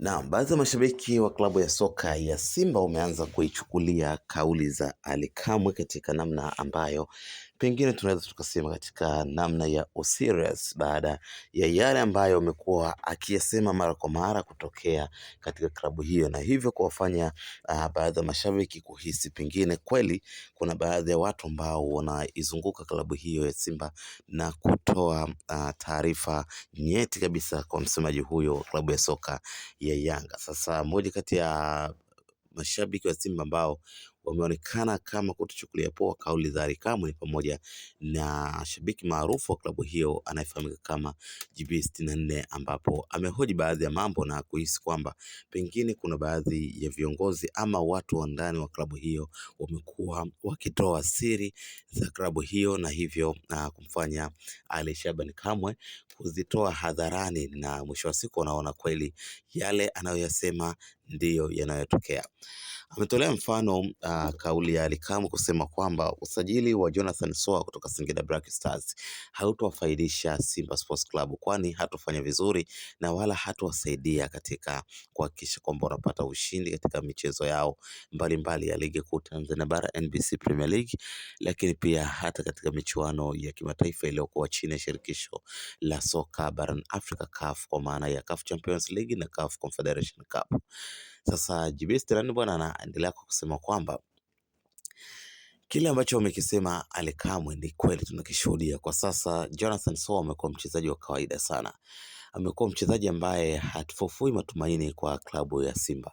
Naam, baadhi ya mashabiki wa klabu ya soka ya Simba wameanza kuichukulia kauli za Ally Kamwe katika namna ambayo pengine tunaweza tukasema katika namna ya userious, baada ya yale ambayo amekuwa akiyasema mara kwa mara kutokea katika klabu hiyo, na hivyo kuwafanya uh, baadhi ya mashabiki kuhisi pengine kweli kuna baadhi ya watu ambao wanaizunguka klabu hiyo ya Simba na kutoa uh, taarifa nyeti kabisa kwa msemaji huyo wa klabu ya soka ya ya Yanga. Sasa moja kati ya mashabiki wa Simba ambao wameonekana kama kutochukulia poa kauli za Ally ni pamoja na shabiki maarufu wa klabu hiyo anayefahamika kama GB 64 ambapo amehoji baadhi ya mambo na kuhisi kwamba pengine kuna baadhi ya viongozi ama watu wa ndani wa klabu hiyo wamekuwa wakitoa siri za klabu hiyo na hivyo na ah, kumfanya Ali Shaban Kamwe kuzitoa hadharani, na mwisho wa siku wanaona kweli yale anayoyasema ndiyo yanayotokea. Ametolea mfano uh, kauli ya alikam kusema kwamba usajili wa Jonathan Soa kutoka Singida Black Stars hautowafaidisha Simba Sports Club, kwani hatofanya vizuri na wala hatowasaidia katika kuhakikisha kwamba wanapata ushindi katika michezo yao mbalimbali mbali ya ligi kuu Tanzania bara NBC Premier League, lakini pia hata katika michuano ya kimataifa iliyokuwa chini ya shirikisho la soka barani Afrika CAF, kwa maana ya CAF Champions League na CAF Confederation Cup. Sasa Jibes bwana anaendelea kwa kusema kwamba kile ambacho wamekisema Ally Kamwe ni kweli, tunakishuhudia kwa sasa. Jonathan Soa amekuwa mchezaji wa kawaida sana, amekuwa mchezaji ambaye hatufufui matumaini kwa klabu ya Simba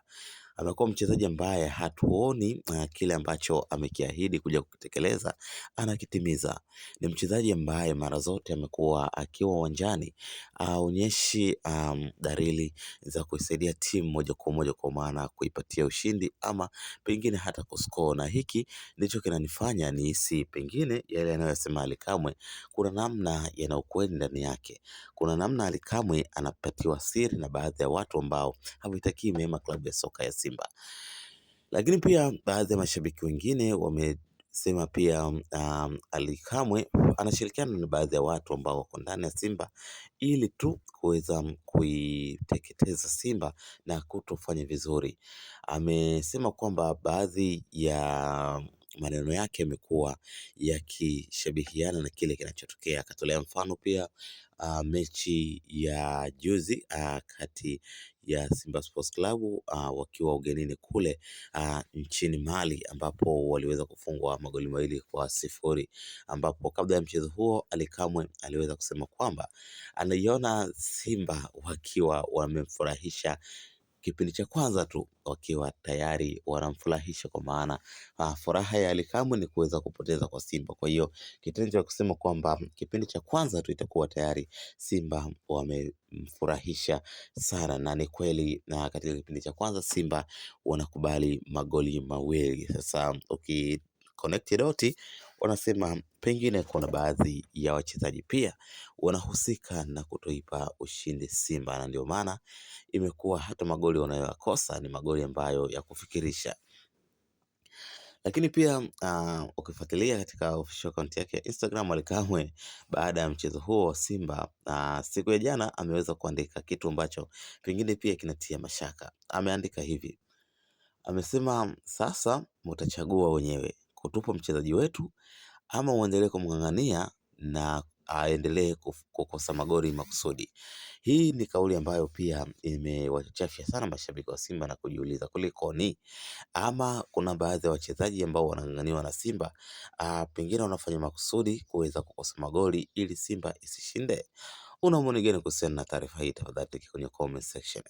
amekuwa mchezaji ambaye hatuoni uh, kile ambacho amekiahidi kuja kutekeleza anakitimiza. Ni mchezaji ambaye mara zote amekuwa akiwa uwanjani aonyeshi uh, um, dalili za kuisaidia timu moja kwa moja, kwa maana kuipatia ushindi ama pengine hata kuscore, na hiki ndicho kinanifanya nihisi pengine yale anayosema Ally Kamwe kuna namna yana ukweli ndani yake. Kuna namna Ally Kamwe anapatiwa siri na baadhi ya watu ambao hawaitakii mema klabu ya soka ya Simba. Simba. Lakini pia baadhi ya mashabiki wengine wamesema pia um, Ally Kamwe anashirikiana na baadhi ya watu ambao wako ndani ya Simba ili tu kuweza kuiteketeza Simba na kutofanya vizuri. Amesema kwamba baadhi ya maneno yake yamekuwa yakishabihiana na kile kinachotokea. Akatolea mfano pia uh, mechi ya juzi uh, kati ya Simba Sports Club uh, wakiwa ugenini kule uh, nchini Mali ambapo waliweza kufungwa magoli mawili kwa sifuri ambapo kabla ya mchezo huo Ally Kamwe aliweza kusema kwamba anaiona Simba wakiwa wamemfurahisha kipindi cha kwanza tu wakiwa tayari wanamfurahisha kwa maana ah, furaha ya Alikamwe ni kuweza kupoteza kwa Simba. Kwa hiyo kitendo cha kusema kwamba kipindi cha kwanza tu itakuwa tayari Simba wamemfurahisha sana, na ni kweli, na katika kipindi cha kwanza Simba wanakubali magoli mawili. Sasa uki connect wanasema pengine kuna baadhi ya wachezaji pia wanahusika na kutoipa ushindi Simba, na ndio maana imekuwa hata magoli wanayoyakosa ni magoli ambayo ya kufikirisha. Lakini pia uh, ukifuatilia katika official account yake ya Instagram, Ally Kamwe baada ya mchezo huo Simba uh, siku ya jana ameweza kuandika kitu ambacho pengine pia kinatia mashaka. Ameandika hivi, amesema sasa mutachagua wenyewe kutupa mchezaji wetu ama uendelee kumng'ang'ania na aendelee kukosa magoli makusudi. Hii ni kauli ambayo pia imewachafya sana mashabiki wa Simba na kujiuliza kulikoni, ama kuna baadhi ya wachezaji ambao wanang'ang'aniwa na Simba aa, ah, pengine wanafanya makusudi kuweza kukosa magoli ili Simba isishinde. Una maoni gani kuhusiana na taarifa hii? Tafadhali kwenye comment section.